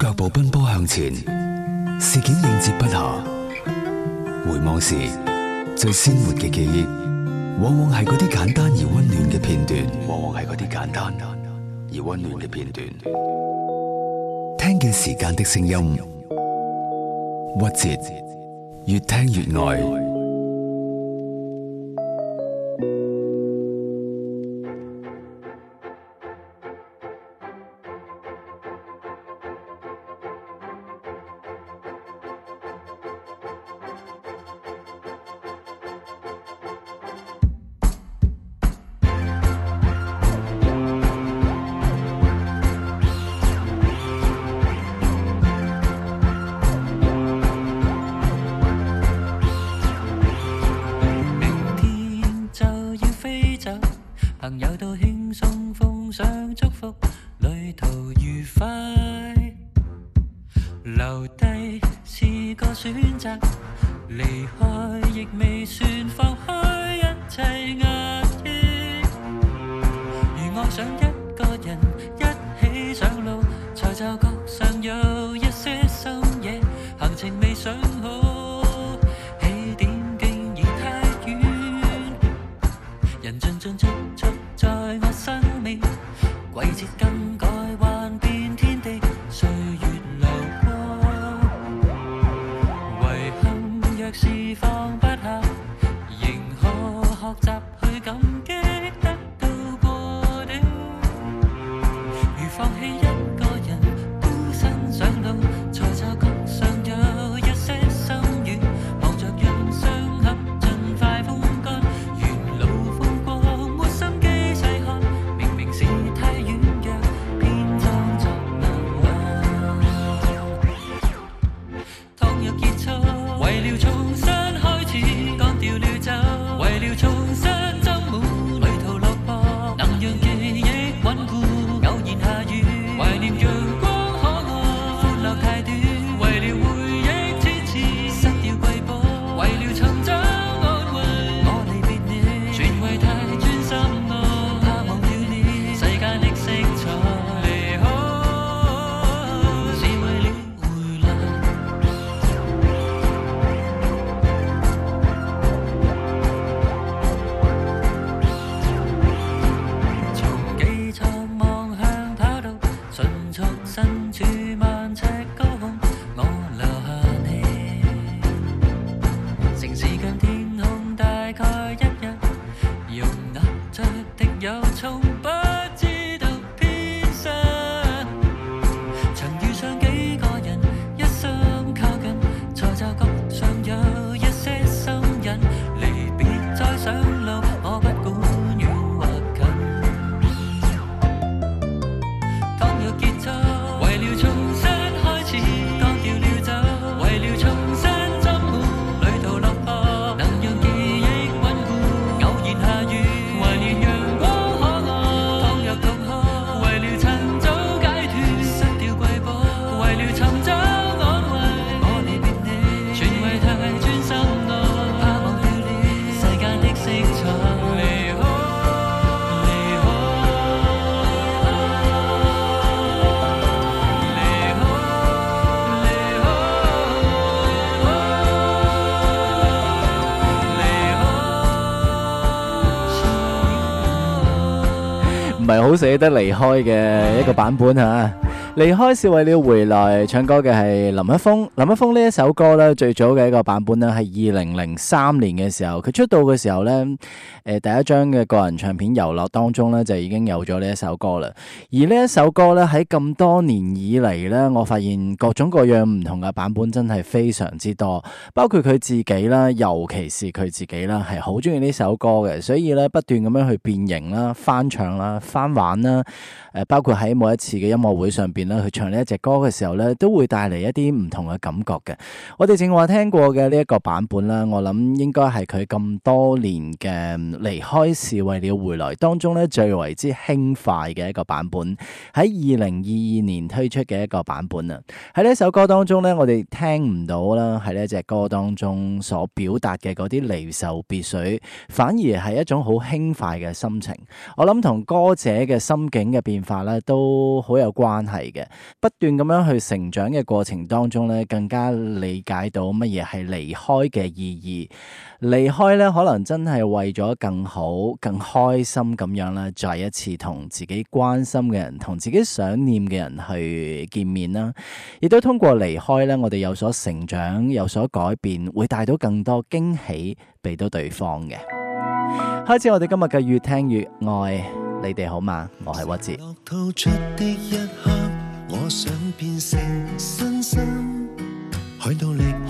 腳步奔波向前，事件應接不暇。回望時，最鮮活嘅記憶，往往係嗰啲簡單而溫暖嘅片段。往往係啲簡單而溫暖嘅片段。聽見時間的聲音，曲折，越聽越愛。好捨得離開嘅一個版本嚇，離開是為了回來唱歌嘅係林一峰。林一峰呢一首歌呢，最早嘅一個版本呢，係二零零三年嘅時候，佢出道嘅時候呢。誒，第一張嘅個人唱片《遊樂》當中咧，就已經有咗呢一首歌啦。而呢一首歌咧，喺咁多年以嚟咧，我發現各種各樣唔同嘅版本真係非常之多包他他。包括佢自己啦，尤其是佢自己啦，係好中意呢首歌嘅，所以咧不斷咁樣去變形啦、翻唱啦、翻玩啦。誒，包括喺每一次嘅音樂會上邊咧，去唱呢一隻歌嘅時候咧，都會帶嚟一啲唔同嘅感覺嘅。我哋正話聽過嘅呢一個版本啦，我諗應該係佢咁多年嘅。離開是為了回來當中咧最為之輕快嘅一個版本，喺二零二二年推出嘅一個版本啊。喺呢首歌當中咧，我哋聽唔到啦。喺呢隻歌當中所表達嘅嗰啲離愁別緒，反而係一種好輕快嘅心情。我諗同歌者嘅心境嘅變化咧都好有關係嘅。不斷咁樣去成長嘅過程當中咧，更加理解到乜嘢係離開嘅意義。離開咧，可能真係為咗更好、更開心咁樣啦，再一次同自己關心嘅人、同自己想念嘅人去見面啦。亦都通過離開咧，我哋有所成長、有所改變，會帶到更多驚喜俾到對方嘅。開始我哋今日嘅越聽越愛，你哋好嗎？我係屈志。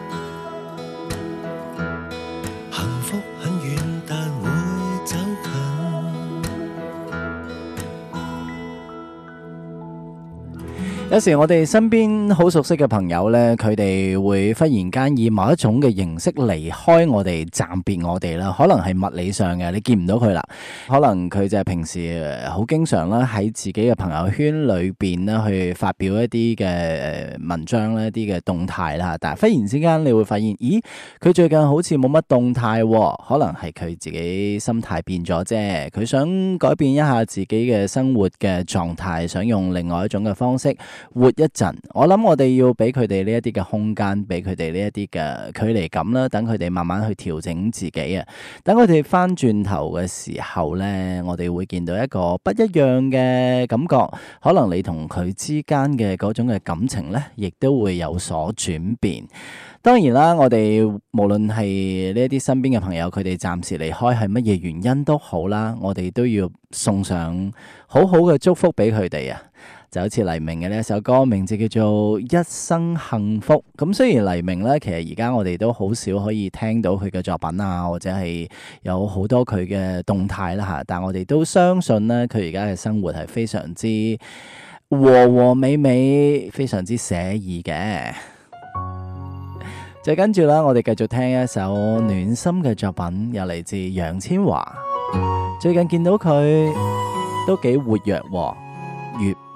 有時我哋身邊好熟悉嘅朋友呢，佢哋會忽然間以某一種嘅形式離開我哋，暫別我哋啦。可能係物理上嘅，你見唔到佢啦。可能佢就係平時好經常啦，喺自己嘅朋友圈裏面去發表一啲嘅文章、一啲嘅動態啦。但係忽然之間，你會發現，咦，佢最近好似冇乜動態喎。可能係佢自己心態變咗啫，佢想改變一下自己嘅生活嘅狀態，想用另外一種嘅方式。活一陣，我諗我哋要俾佢哋呢一啲嘅空間，俾佢哋呢一啲嘅距離感啦，等佢哋慢慢去調整自己啊。等佢哋返轉頭嘅時候呢，我哋會見到一個不一樣嘅感覺。可能你同佢之間嘅嗰種嘅感情呢，亦都會有所轉變。當然啦，我哋無論係呢一啲身邊嘅朋友，佢哋暫時離開係乜嘢原因都好啦，我哋都要送上好好嘅祝福俾佢哋啊。就好似黎明嘅呢一首歌，名字叫做《一生幸福》。咁雖然黎明呢，其實而家我哋都好少可以聽到佢嘅作品啊，或者係有好多佢嘅動態啦、啊、吓。但我哋都相信呢，佢而家嘅生活係非常之和和美美，非常之寫意嘅。就跟住啦，我哋繼續聽一首暖心嘅作品，又嚟自楊千嬅，最近見到佢都幾活躍、喎，月。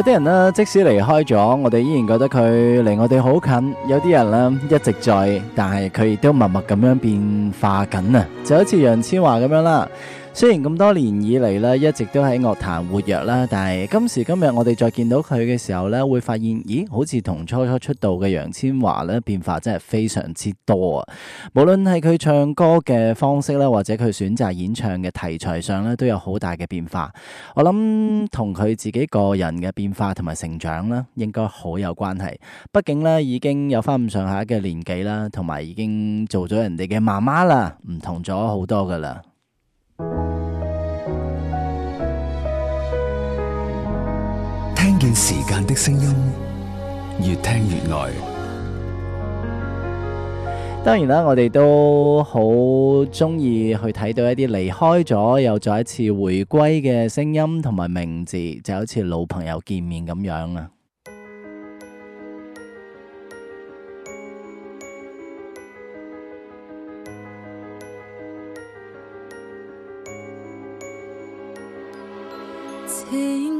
有啲人呢，即使離開咗，我哋依然覺得佢離我哋好近；有啲人呢，一直在，但係佢亦都默默咁樣變化緊啊！就好似楊千嬅咁樣啦。雖然咁多年以嚟呢，一直都喺樂壇活躍啦，但係今時今日我哋再見到佢嘅時候呢，會發現咦，好似同初初出道嘅楊千嬅呢，變化真係非常之多啊！無論係佢唱歌嘅方式啦，或者佢選擇演唱嘅題材上呢，都有好大嘅變化。我諗同佢自己個人嘅變化同埋成長啦，應該好有關係。畢竟呢，已經有翻咁上下嘅年紀啦，同埋已經做咗人哋嘅媽媽啦，唔同咗好多噶啦。見時間的聲音越聽越耐，當然啦，我哋都好中意去睇到一啲離開咗又再一次回歸嘅聲音同埋名字，就好似老朋友見面咁樣啊！請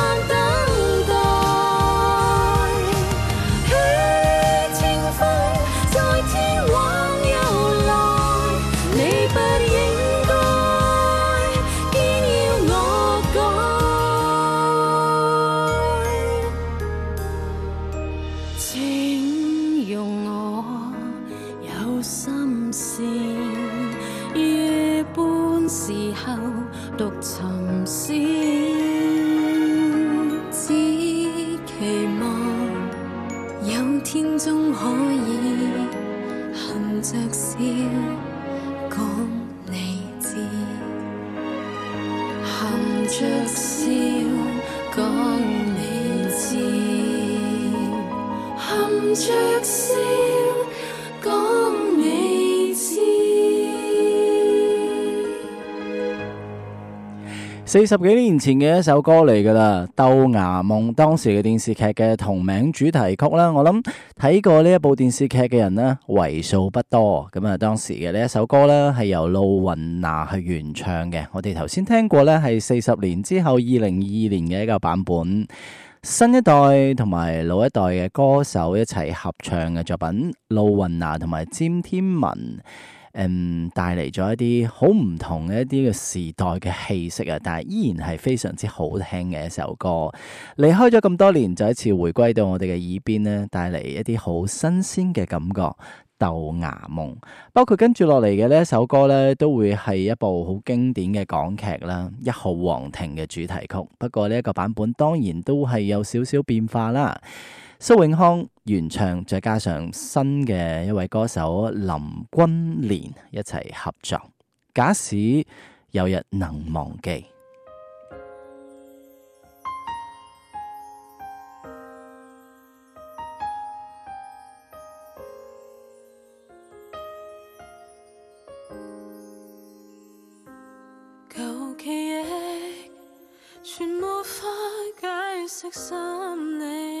四十幾年前嘅一首歌嚟噶啦，《豆芽夢》當時嘅電視劇嘅同名主題曲啦，我諗睇過呢一部電視劇嘅人呢，為數不多。咁啊，當時嘅呢一首歌呢，係由路雲娜去原唱嘅。我哋頭先聽過呢，係四十年之後二零二二年嘅一個版本，新一代同埋老一代嘅歌手一齊合唱嘅作品，路雲娜同埋詹天文。誒，帶嚟咗一啲好唔同嘅一啲嘅時代嘅氣息啊！但係依然係非常之好聽嘅一首歌，離開咗咁多年，再一次回歸到我哋嘅耳邊呢，帶嚟一啲好新鮮嘅感覺。豆芽夢，包括跟住落嚟嘅呢一首歌呢，都會係一部好經典嘅港劇啦，《一號皇庭》嘅主題曲。不過呢一個版本當然都係有少少變化啦。蘇永康原唱，再加上新嘅一位歌手林君蓮一齊合作。假使有日能忘記，舊記憶全沒法解釋心理。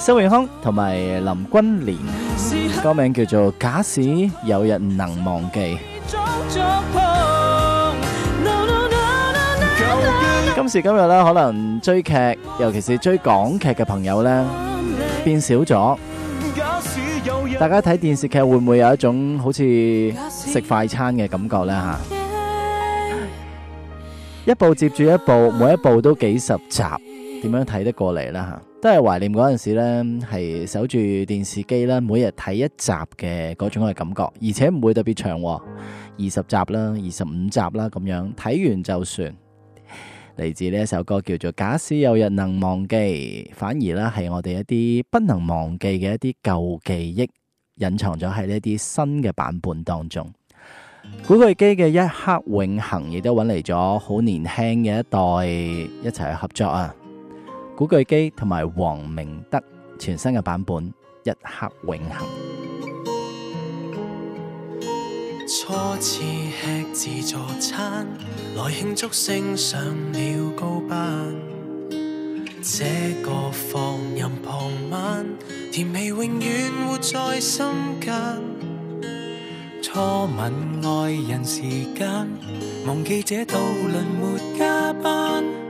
蘇永康同埋林君蓮，歌名叫做《假使有日能忘記》。今時今日咧，可能追劇，尤其是追港劇嘅朋友咧，變少咗。大家睇電視劇會唔會有一種好似食快餐嘅感覺咧？吓，一部接住一部，每一部都幾十集，點樣睇得過嚟咧？吓？都係懷念嗰陣時咧，係守住電視機啦，每日睇一集嘅嗰種嘅感覺，而且唔會特別長，二十集啦，二十五集啦咁樣，睇完就算。嚟自呢一首歌叫做《假使有人能忘記》，反而呢，係我哋一啲不能忘記嘅一啲舊記憶，隱藏咗喺呢啲新嘅版本當中。古巨基嘅《一刻永恒》亦都揾嚟咗好年輕嘅一代一齊去合作啊！古巨基同埋黃明德全新嘅版本《一刻永恆》。初次吃自助餐，來慶祝升上了高班。這個放任傍晚，甜味永遠活在心間。初吻愛人時間，忘記這渡輪沒加班。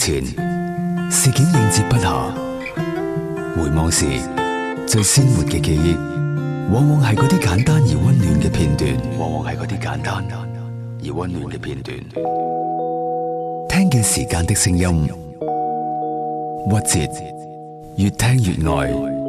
前事件，應接不暇，回望時最鮮活嘅記憶，往往係嗰啲簡單而温暖嘅片段。往往係嗰啲簡單而温暖嘅片段。聽見時間的聲音，曲折，越聽越愛。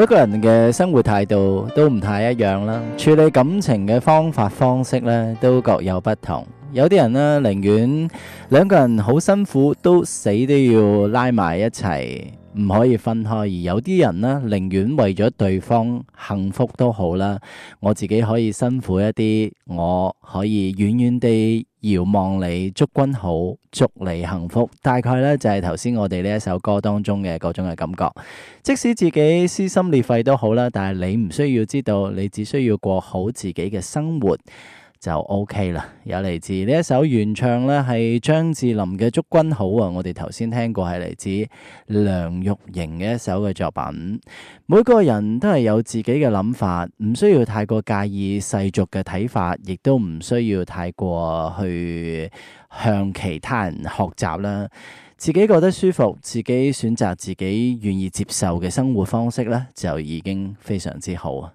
每一個人嘅生活態度都唔太一樣啦，處理感情嘅方法方式咧都各有不同。有啲人呢，寧願兩個人好辛苦，都死都要拉埋一齊，唔可以分開；而有啲人呢，寧願為咗對方幸福都好啦，我自己可以辛苦一啲，我可以遠遠地。遙望你，祝君好，祝你幸福。大概呢，就係頭先我哋呢一首歌當中嘅嗰種嘅感覺。即使自己撕心裂肺都好啦，但係你唔需要知道，你只需要過好自己嘅生活。就 OK 啦，有嚟自呢一首原唱呢，係張智霖嘅《祝君好》啊！我哋頭先聽過係嚟自梁玉瑩嘅一首嘅作品。每個人都係有自己嘅諗法，唔需要太過介意世俗嘅睇法，亦都唔需要太過去向其他人學習啦。自己覺得舒服，自己選擇自己願意接受嘅生活方式呢，就已經非常之好啊！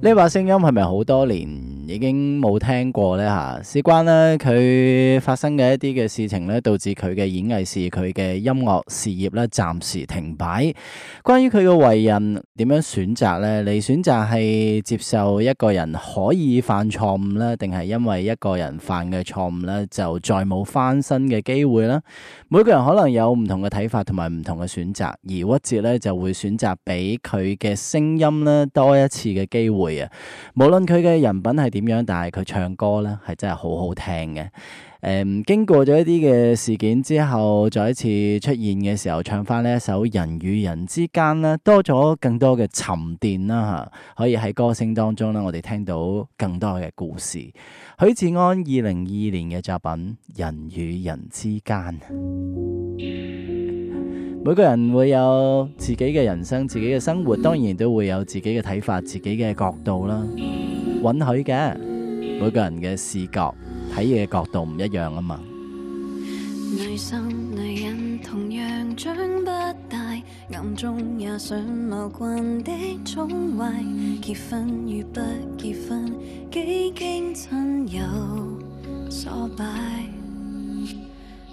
呢把聲音係咪好多年？已經冇聽過呢。吓，事關呢，佢發生嘅一啲嘅事情呢，導致佢嘅演藝事、佢嘅音樂事業呢，暫時停擺。關於佢嘅為人點樣選擇呢？你選擇係接受一個人可以犯錯誤呢？定係因為一個人犯嘅錯誤呢？就再冇翻身嘅機會呢？每個人可能有唔同嘅睇法同埋唔同嘅選擇，而屈哲呢，就會選擇俾佢嘅聲音呢，多一次嘅機會啊！無論佢嘅人品係點。咁樣，但係佢唱歌咧，係真係好好聽嘅。誒、嗯，經過咗一啲嘅事件之後，再一次出現嘅時候，唱翻呢一首《人與人之間》咧，多咗更多嘅沉澱啦吓，可以喺歌聲當中呢，我哋聽到更多嘅故事。許志安二零二二年嘅作品《人與人之間》。每個人會有自己嘅人生、自己嘅生活，當然都會有自己嘅睇法、自己嘅角度啦。允許嘅，每個人嘅視角睇嘢嘅角度唔一樣吖嘛。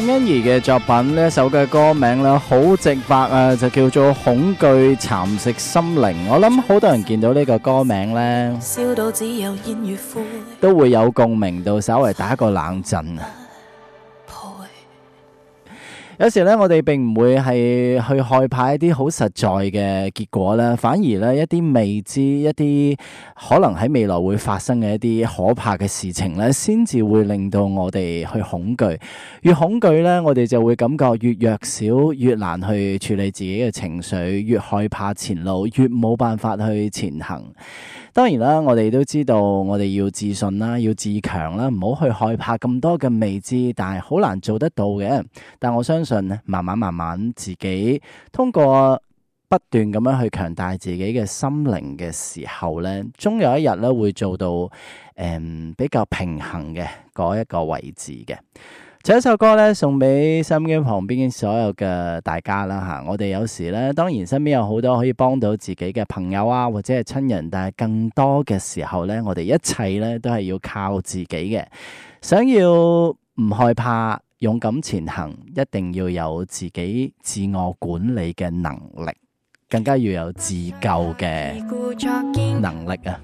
鄭恩兒嘅作品，呢首嘅歌名呢，好直白啊，就叫做《恐懼蠶食心靈》。我諗好多人見到呢個歌名呢，都會有共鳴到，稍微打個冷震啊。有時咧，我哋並唔會係去害怕一啲好實在嘅結果啦，反而咧一啲未知、一啲可能喺未來會發生嘅一啲可怕嘅事情咧，先至會令到我哋去恐懼。越恐懼咧，我哋就會感覺越弱小，越難去處理自己嘅情緒，越害怕前路，越冇辦法去前行。當然啦，我哋都知道，我哋要自信啦，要自強啦，唔好去害怕咁多嘅未知，但係好難做得到嘅。但我相信咧，慢慢慢慢，自己通過不斷噉樣去強大自己嘅心靈嘅時候咧，終有一日咧會做到、嗯、比較平衡嘅嗰一個位置嘅。唱一首歌咧，送俾收音機旁邊所有嘅大家啦吓！我哋有時咧，當然身邊有好多可以幫到自己嘅朋友啊，或者係親人，但係更多嘅時候咧，我哋一切咧都係要靠自己嘅。想要唔害怕，勇敢前行，一定要有自己自我管理嘅能力。更加要有自救嘅能力啊！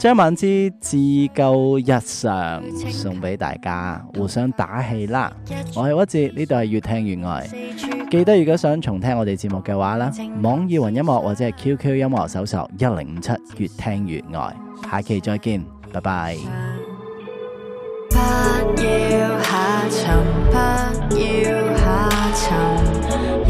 將晚之自救日常送俾大家，互相打氣啦！我係屈志，呢度係越聽越愛。記得如果想重聽我哋節目嘅話啦，網易雲音樂或者係 QQ 音樂搜索一零五七，越聽越愛。下期再見，拜拜。